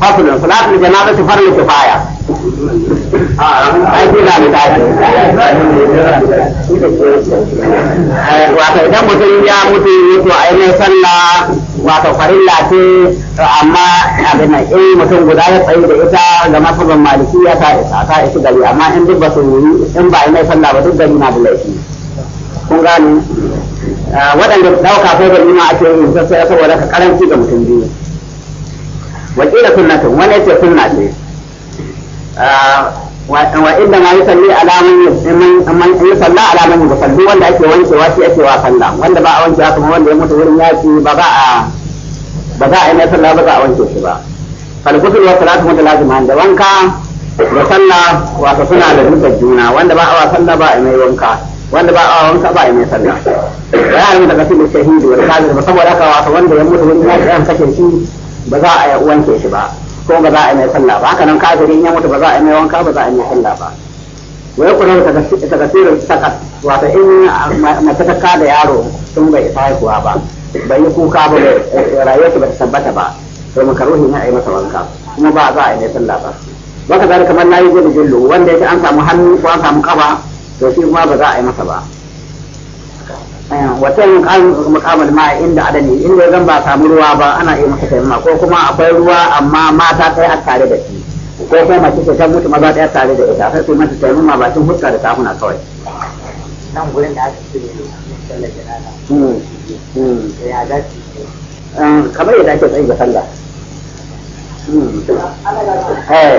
فصل صلاة الجنازة فرض كفاية aiki na da eh, idan mutum ya mutu mutu ainihin sallah wato farilla ce amma abin nan in mutum guda ya tsayi da ita ga masabin malikiya ta isa ta gari amma in duk ba su in ba sallah ba duk na da laifi kun gani eh, waɗanda ɗauka sai da nuna ake yin sassaya saboda ka karanci ga mutum biyu wakila sunnatu wani ce sunna ce ah, wa inda ma yi salli alamun man yi salla alamun ga salli wanda ake wankewa shi ake wa salla wanda ba a wanke kuma wanda ya mutu wurin yaki ba ba a ba za a yi mai salla ba za a wanke shi ba falkutul wa salatu lazima da wanka da salla wato suna da dukkan juna wanda ba a wa salla ba a mai wanka wanda ba a wanka ba a mai salla ya yi daga da shahidu da kafir ba saboda haka wato wanda ya mutu wurin yaki an kashe shi ba za a wanke shi ba ko ba za a yi mai sallah ba haka nan kafirin ya mutu ba za a yi mai wanka ba za a yi mai sallah ba wai kuma ta tasirin sakas wata in mace ta yaro tun bai isa haihuwa ba bai yi kuka ba eh, rayuwarsa ba ta tabbata ba to makaruhi ne a yi masa wanka kuma ba za a yi mai sallah ba baka zalika kamar na yi gudu jullu wanda yake an samu hannu ko an samu kaba to shi kuma ba za a yi masa ba Eh, wata kan mukamul ma inda adani inda zan ba samu ruwa ba ana iya masa taimama ko kuma akwai ruwa amma mata ta yi tare da shi ko kuma mace ce ta mutu maza ta yi tare da ita sai su mata ma ba cin huska da safuna kawai nan gurin da aka cire sallar jana'a hmm, hmm. ya za su eh, kamar yadda ake tsaye ga sallah hmm. Eh.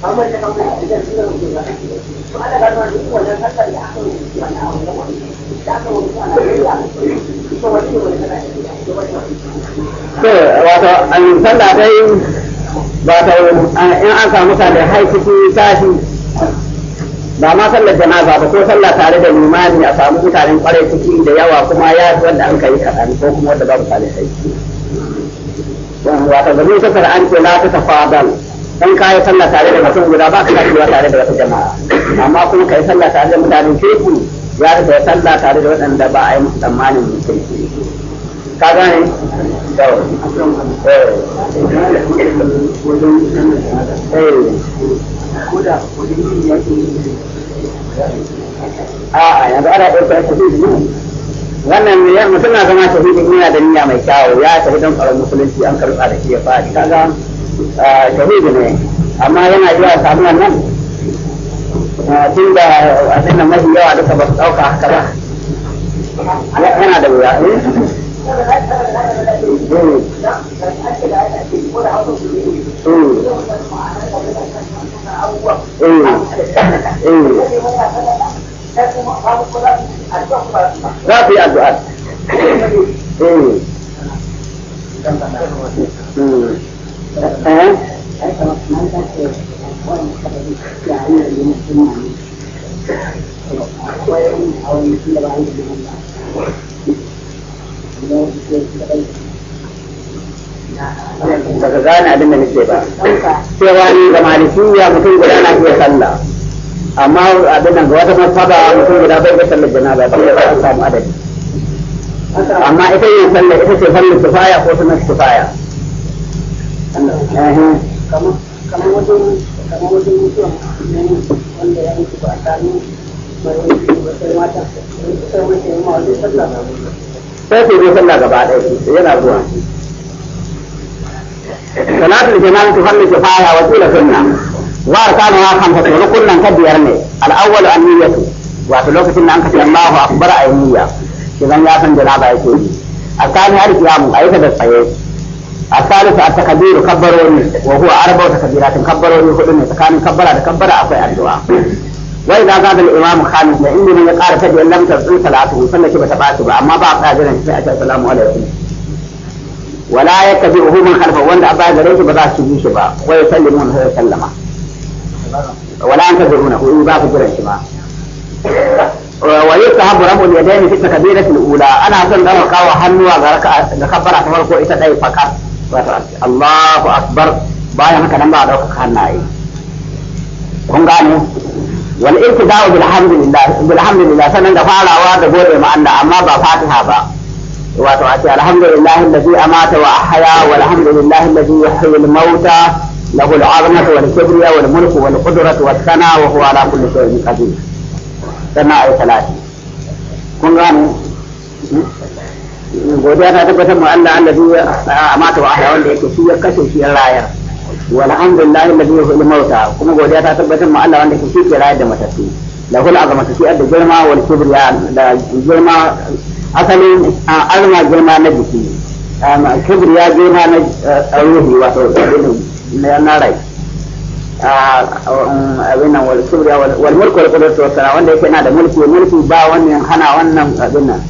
wato in an samu sallah hai ciki tashi ba ma sallar ba ko sallah tare da limani a samu mutanen kwarai ciki da yawa kuma ya fi wanda an kai kaɗan ko kuma wanda babu salihai wato da mun kasar an ce la ta tafadal in ka yi sallah tare da mutum guda ba ka ta karewa tare da wata jama'a amma kuma ka yi sallah tare da mutanen kirki ya da ka sallah tare da waɗanda ba a yi musu tsammanin kirki ka gane eh. Eh. a'a yanzu ana wannan mutum na zama shahidin yana da niyya mai kyawu ya shahidan don tsaron musulunci an karɓa da shi ya faɗi kaga shahidi ne amma yana zuwa samu nan ah, tun da abin nan mafi yawa duka ba su ɗauka haka ba yana da wuya eh? Eh. Eh. za ku yi addu'a hmm. baka gane abinda da nake ba cewa ni da malikiya mutum guda na iya sallah amma abin nan ga wata masaba mutum guda bai ga sallar janaba sai ya samu adadi amma ita yin sallah ita ce sallar kifaya ko sunan kifaya kamar wajen kamar wajen mutuwan wanda ya mutu ba tsakanin mai sai mata sallah sai gaba ɗaya yana zuwa salatul jamal tuhannu shafaya wa tula sunna wa arkanuha khamsatun rukunan ta biyar ne al-awwal an-niyyatu wato lokacin da an kace Allahu akbar ayyiyya kidan ya san janaba yake yi arkanu al-qiyamu ayyuka da tsaye الثالث التكبير كبروني وهو أربع تكبيرات كبروني كلنا سكان كبر كبر أقوى الدعاء وإذا قال الإمام خامس لإني من قال تجد لم تبطل صلاته فإن كيف تبعته أما بعد هذا الشيء السلام عليكم ولا يتبعه من خلفه وأن أبا ذريت بذا سجي شبا ويسلمون هو يسلم ولا ينتظرونه إن باك جرى شبا ويستحب رفع اليدين في التكبيرة الأولى أنا أصلا أنا وحنوا غرق لخبرك مركو إتدعي فقط wato Allahu akbar bayan haka nan ba a ɗaukaka hannaye kun gane wal ibtida'u bil hamdulillah bil hamdulillah sanan da farawa da gode ma Allah amma ba Fatiha ba wato a ce alhamdulillah allazi amata wa ahya walhamdulillah allazi yuhyi al mauta له العظمة والكبرياء والملك wa والثناء وهو على كل شيء قدير. سماء ثلاثة. كن غاني. godiya ta tabbatar mu Allah allazi amata wa ahya wanda yake shi ya kashe shi ya rayar walhamdulillahi allazi yuhyi mauta kuma godiya ta tabbatar mu Allah wanda yake shi ke rayar da matattu lahul azamatu shi da girma wal kibriya da girma asalin girma na jiki kibriya girma na eh, ruhi wato na rai um, abin nan wal kibriya wal mulku wal wanda yake na da mulki mulki ba wannan hana wannan abin nan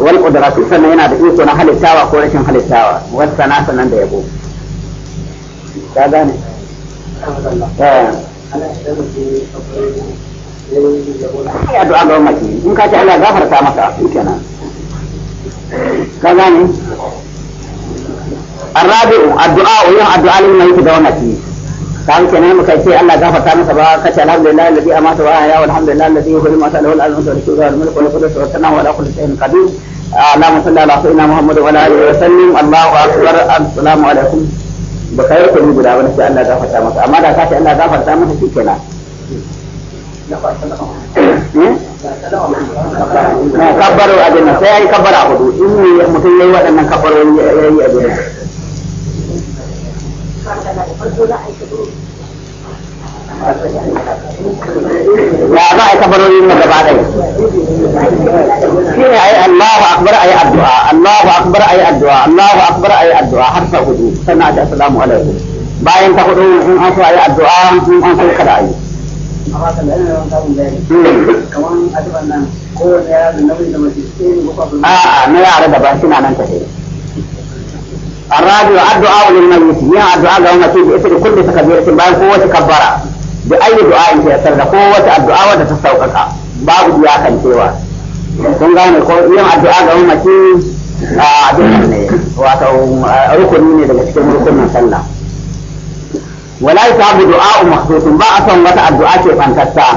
wal qudratu sannan yana da iko na halittawa ko rashin halittawa wal sana sannan da yabo ka gane eh. ya du'a ga ummati in ka ce Allah gafarta maka kenan ka gane الرابع الدعاء يوم الدعاء للميت دوامتي kan kenan muka ce Allah gafarta masa ba kace alhamdulillah alladhi amata wa ahya walhamdulillah alladhi yuhyi ma ta'ala wal azmu wal shukru wal mulku wal qudratu wa sanam wa la kulli shay'in qadir اللهم صل على سيدنا yi guda sai Allah gafarta masa amma da Allah gafarta masa shi kenan hmm? kabbara hudu in mutum waɗannan kabbarori yayi a nan ya za a gaba ɗaya shi ne ayi Allahu akbar addu'a Allahu akbar addu'a Allahu akbar addu'a har hudu alaikum bayan ta hudu in an so addu'a in an so kada hmm. a'a na yara da ba suna nan tafiya الرابع الدعاء للميت يا الدعاء لو مشيت بإثر كل تكبيرة بين قوة كبرة بأي دعاء تيسر قوة الدعاء وتتستوقف باب دعاء سوى kun gane ko yin addu'a ga mamaci a abin ne wato rukuni ne daga cikin rukunin sallah wala ta abu du'a makhsusun ba a son wata addu'a ce fantatta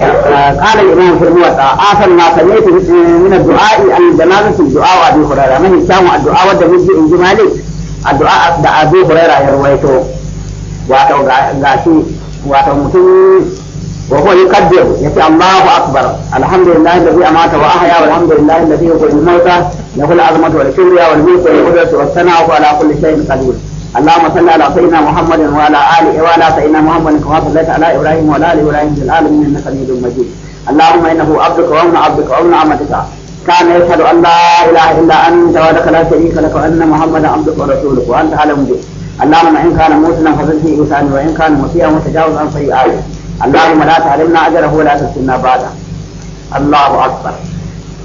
قال الإمام في الموطأ آخر ما سمعت من الدعاء أن جنازة الدعاء أبي هريرة من هشام الدعاء ودى مجي إن جمالي الدعاء أبي هريرة يرويته واتو غاشي واتو متن وهو يقدر يتي الله أكبر الحمد لله الذي أمات وأحيا والحمد لله الذي يقول الموتى له العظمة والكبرياء والملك والقدرة والثناء وعلى كل شيء قدير اللهم صل على سيدنا محمد وعلى اله وعلى سيدنا محمد كما صليت على ابراهيم وعلى ال ابراهيم في العالمين انك حميد مجيد اللهم انه عبدك وابن عبدك وابن عمتك كان يشهد ان لا اله الا انت وحدك لا شريك لك وان محمدا عبدك ورسولك وانت علم به اللهم ان كان موسنا فضل في انسان وان كان مسيئا وتجاوز عن سيئاته اللهم لا تحرمنا اجره ولا تفتنا بعده الله اكبر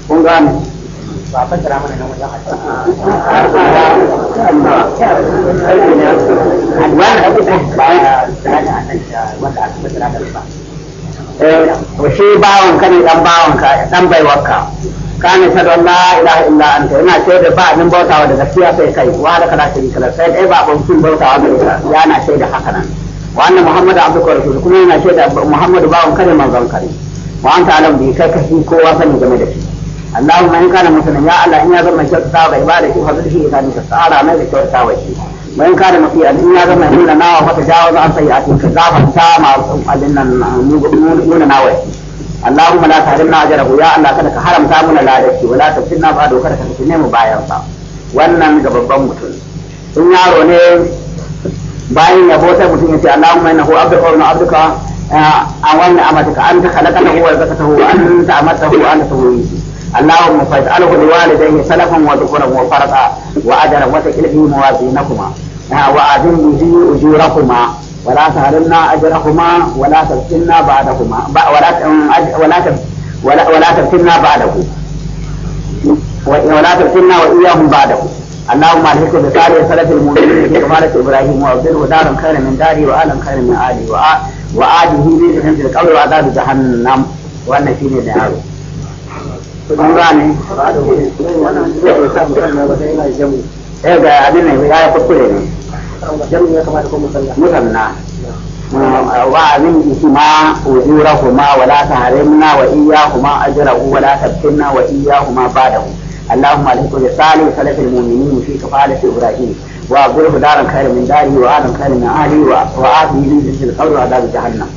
kun gane ba fassara mana nan wajen ba eh, shi bawon ka ne dan bawon ka dan baiwarka ka ne sa don la ilaha illa anta yana shaida ba nan bautawa da gaskiya sai kai wa da kana shirka kala sai kai ba ban sun bautawa da shaida haka nan wa anna Muhammad abduka rasul kuma yana shaida muhammadu bawon ka ne manzon ka ne wa anta alam bi kai ka kowa sani game da shi اللهم ان كان مسلما يا الله ان يظن من كيوتا بعبادتي وفضل شيء كان تعالى ما كيوتا وشي وان كان مسيئا ان يظن من لنا وتجاوز عن سيئاته كذاب سامع قلنا نونا اللهم لا تحرمنا اجره يا الله kada ka haramta mana ladaci wala tafsinna ba do kada ka tafsinne mu bayan sa wannan ga babban mutum in yaro ne bayan yabo sai mutum ya ce Allahumma innahu abduka ah, wa abduka an wannan amatuka an ta khalaqana huwa an ta amatahu an ta tawhihi اللهم فاجعله لوالديه سلفا وذكرا وفرقا واجرا وتكل في موازينكما واعزم به اجوركما ولا تهرمنا اجرهما ولا تبتلنا بعدهما ولا ولا ولا, ولا بعده ولا تبتلنا واياهم بعده اللهم اهلك بصالح سلف المؤمنين في قبالة ابراهيم وابدله دارا خيرا من داري والا خيرا من الي وآله به بحمد القول وعذاب جهنم وان فيني نهاره eh ga abin nan ya kuskure ne jami'i eh. ya kamata ko musalla musalla وأذن إثما أجورهما ولا تحرمنا وإياهما أجره ولا تبتنا وإياهما بعده اللهم الحق بصالح سلف المؤمنين في كفالة إبراهيم وأبدله دارا خير من داري وآدم خير من آلي وآتني من جنس القبر وعذاب جهنم.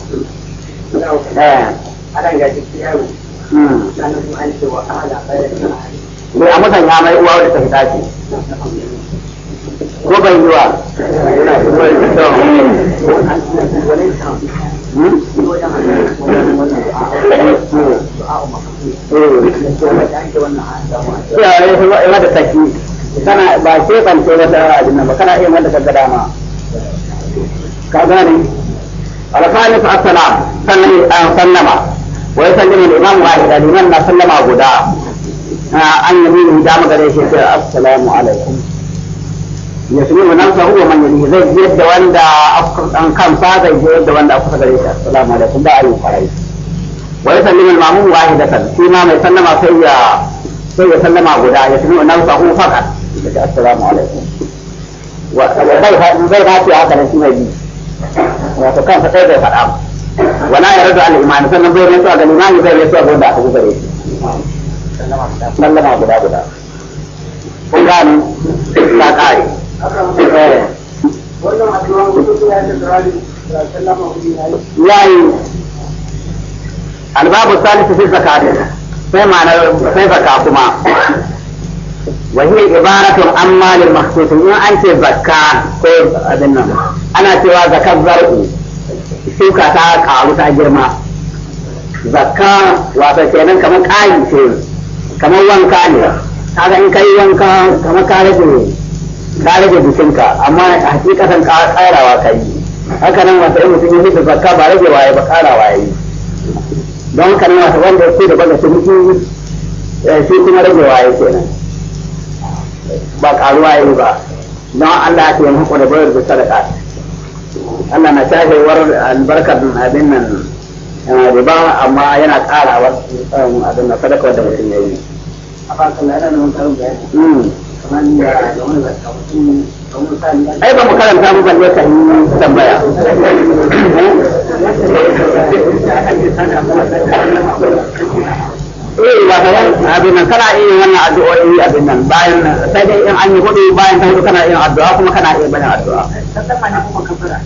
Bai a mutan ya mai uwa wadda ta fi ce. Ko ban yi wa? Ya yi saki. Kana ba ce kan ce wata ba kana dama. Ka gane? sannan wai san gani ne imam wahid da liman na sallama guda ah, an yi mini da magana shi ce assalamu alaikum ya sani mu nan sahu man yi zai yadda wanda an kan sa yadda wanda aka gare shi assalamu alaikum da ayyu farai wai san liman mamun wahid da shi ma sallama sai ya sallama guda ya sani mu nan sahu fakat da assalamu alaikum wa zai zai ba shi haka shi mai bi wato kan sa sai da wala ya radu al imani sannan bai rantsuwa ga limani bai rantsuwa ga da aka ji shi sallama guda guda kun gani ta kare eh. yayi albabu salisu fi zakati sai ma'ana sai zakka kuma وهي عبارة عن مال مخصوص إن أنت زكاة أنا سوى زكاة الزرع shuka ta karu ta girma zakka wato kenan kamar ƙari ce kamar wanka ne kaga in kai wanka kamar ka rage ka rage jikinka amma a hakikatan ka ƙarawa kai yi haka nan wato in mutum ya fi zakka ba rage waye ba karawa yayi don haka nan wato wanda yake da baga mutu, eh, shi kuma rage waye kenan ba karuwa yayi ba don Allah ya yi yin da bayar da sadaka Allah na shafe war albarkar abin nan riba amma yana karawar abin nan sadaka da mutum ya yi. A farkon da ana karin bayani. Kamar da da wani zaka mutum ai ba mu karanta mu balle ka yi tambaya eh ba ka abin nan kana yin wannan addu'o'i abin nan bayan sai dai in an yi hudu bayan ta hudu kana yin addu'a kuma kana yin bayan addu'a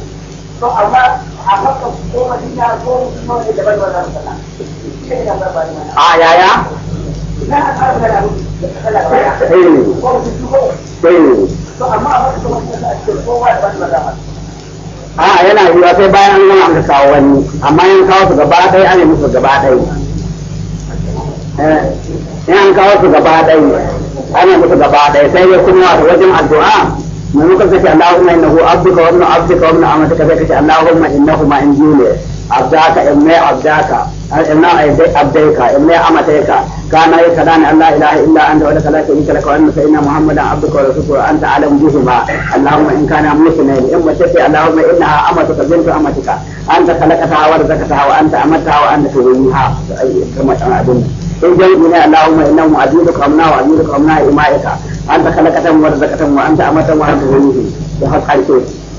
to amma a a yaya yana yiwa sai bayan an gama aka kawo wani amma yan kawo su gaba ɗaya an yi musu gaba ɗaya yan eh, kawo su gaba ɗaya an yi musu gaba ɗaya sai ya kuma wajen addu'a maimakon kace Allahumma innahu abduka wa ibnu abdika wa ibnu amatika sai kace Allahumma innahu ma in jule abdaka imma abdaka inna abdaka imma amataka kana ya kada ni Allah ilaha illa anta wa la sharika laka wa anna sayyidina muhammadan abduka wa rasuluka wa anta alam bihima Allahumma in kana muslimin in mace ce Allahumma innaha amatuka bintu amatika anta khalaqataha wa razaqataha wa anta amataha wa anta tuwiha kama abin in jami'i ne Allahumma innahu abduka wa amna wa abduka wa amna أنت خلقتهم ورزقتهم وأنت أمتهم وأنت وليهم وهذا الحديث